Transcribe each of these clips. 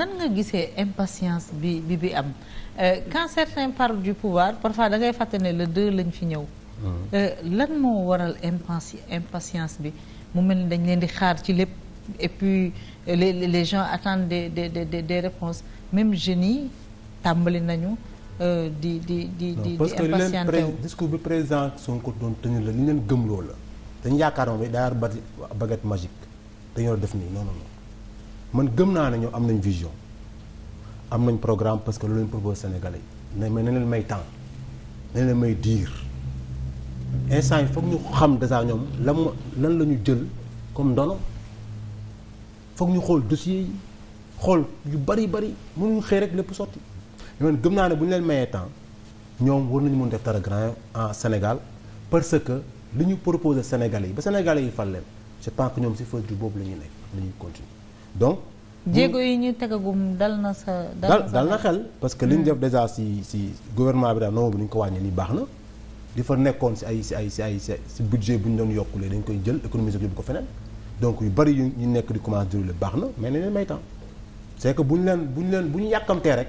lan nga gisee impatience bi bi bi am euh, quand certains parlent du pouvoir parfois da ngay fàtte ne le deux lañu fi ñëw. Mm-hmm. Euh, lan moo waral impati impatience bi mu mel ni dañ leen di xaar ci lépp et puis euh, les les gens attende de des des des réponses même jeunes yi tàmbali nañu. di di di di parce que li leen discours bi président Sonko doon tenir la li leen gëm loola dañu yaakaaroon bi daal baguette magique dañoo def nii non non man gëm naa ne ñoo am nañ vision am nañ programme parce que loolu leen propose sénégalais yi mais na leen may temps na leen may diir instant yi foog ñu xam dèjà ñoom lan lan la ñu jël comme ndono foog ñu xool dossiers xool yu bari bari mënuñu xëy rek lépp gëm naa ne bu ñu leen mayee temps ñoom war nañu mën def dara grand Sénégal parce que li ñu proposé sénégalais yi ba sénégalais yi fal leen je pense ñoom si feu boobu la nekk la ñuy continuer donc. jéego yi ñu tegagum dal na sa. dal dal na xel parce que li ñu hmm. def déjà si si gouvernement bi daal nombre bi ñu ko wàññi nii baax na. di fa nekkoon si ay si ay si ay si budget bu ñu doon yokkulee dañ koy jël économiser bu ko feneen donc yu bari yu ñu nekk di commencé déroulé baax na mais nañ leen may temps c'est que bu ñu leen bu ñu leen bu ñu yàkkamtee rek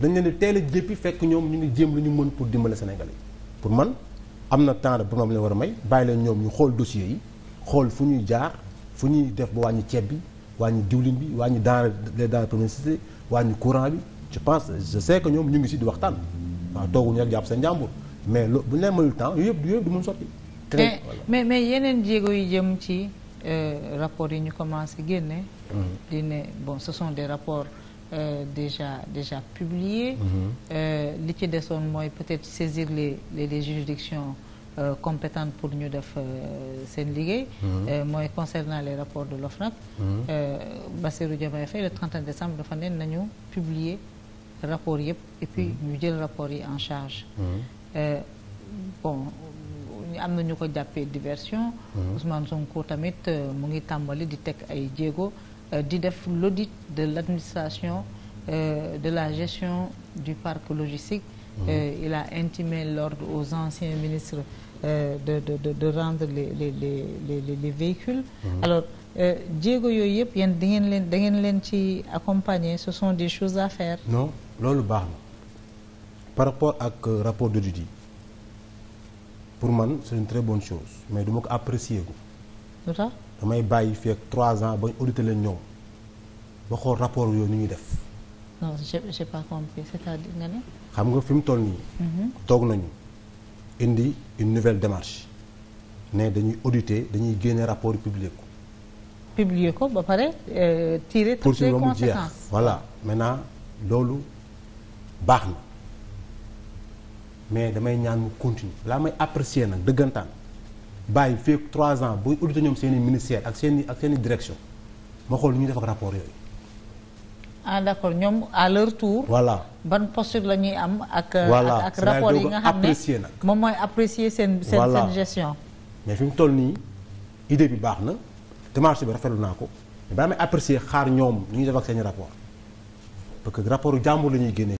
dañ leen di teel a jéppi fekk ñoom ñu ngi jéem lu ñu mën pour dimbale Sénégalais yi pour man am na temps de borom leen war a may bàyyi leen ñoom ñu xool dossiers xool fu ñuy jaar fu ñuy def ba wàññi ceeb bi wàññi diwlin bi wàññi denrée les denrées de première nécessité courant bi je pense je sais que ñoom ñu ngi si di waxtaan waaw tooguñu rek jàpp seen njàmbur mais lo bu ñu leen mënul temps yooyu yëpp yooyu du mën sotti. mais mais mais yeneen jéego yi jëm ci euh, rapport yi ñu commencé génne. Mhm. di ne bon ce sont des rapports. Euh, déjà déjà publié. Mhm. Euh, li ci desoon mooy peut-être saisir les les, les juridictions Euh, compétente pour ñu def euh, seen liggéey. Mhm. Euh, mooy concernant les rapports de l'OFNAC. Mhm. Bassirou Diomaye Faye le 31 décembre dafa ne nañu publier rapport yëpp et puis mhm. ñu jël rapport yi en charge. bon am na ñu ko jàppee diversion. Ousmane Sonko tamit mu ngi tàmbali di teg ay jéego di def l'audit de l'administration de la gestion du parc logistique. Euh, il a intimé l'ordre aux anciens ministres euh, de de de de rendre les les les les les véhicules. Mhm. Euh, jéego yooyu yëpp yéen da ngeen leen da ngeen leen ci accompagner ce sont des choses à faire. non loolu baax na par rapport ak rapport d'audit yi pour man c'est une très bonne chose mais duma ko apprécier ko. lu damay bàyyi fii ak trois ans ba auditer leen ñoom ba rapport yooyu ni ñuy def. non j'ai j'ai pas compris xam nga fi mu toll nii. Mhm. toog nañu indi une nouvelle démarche ne dañuy auditer dañuy génne rapport publier ko. publier ko ba pare euh, tiire toutes les conséquences voilà maintenant loolu baax na mais damay ñaan mu continuer laa may apprécier nag dëggantaan bàyyi fii trois ans buy auditer ñoom seen i ministère ak seen ak seen direction ma xool lu ñuy def ak rapport yooyu. ah d' accord ñoom à leur tour. voilà ban posture la ñuy am ak. ak rapport yi nga xam ne moom mooy apprécier seen. seen seen gestion. mais fi mu toll nii idée bi baax na démarche bi rafetlu naa ko mais baa may apprécier xaar ñoom ñu ngi def ak seen rapport parce que rapport jàmbur la ñuy génnee.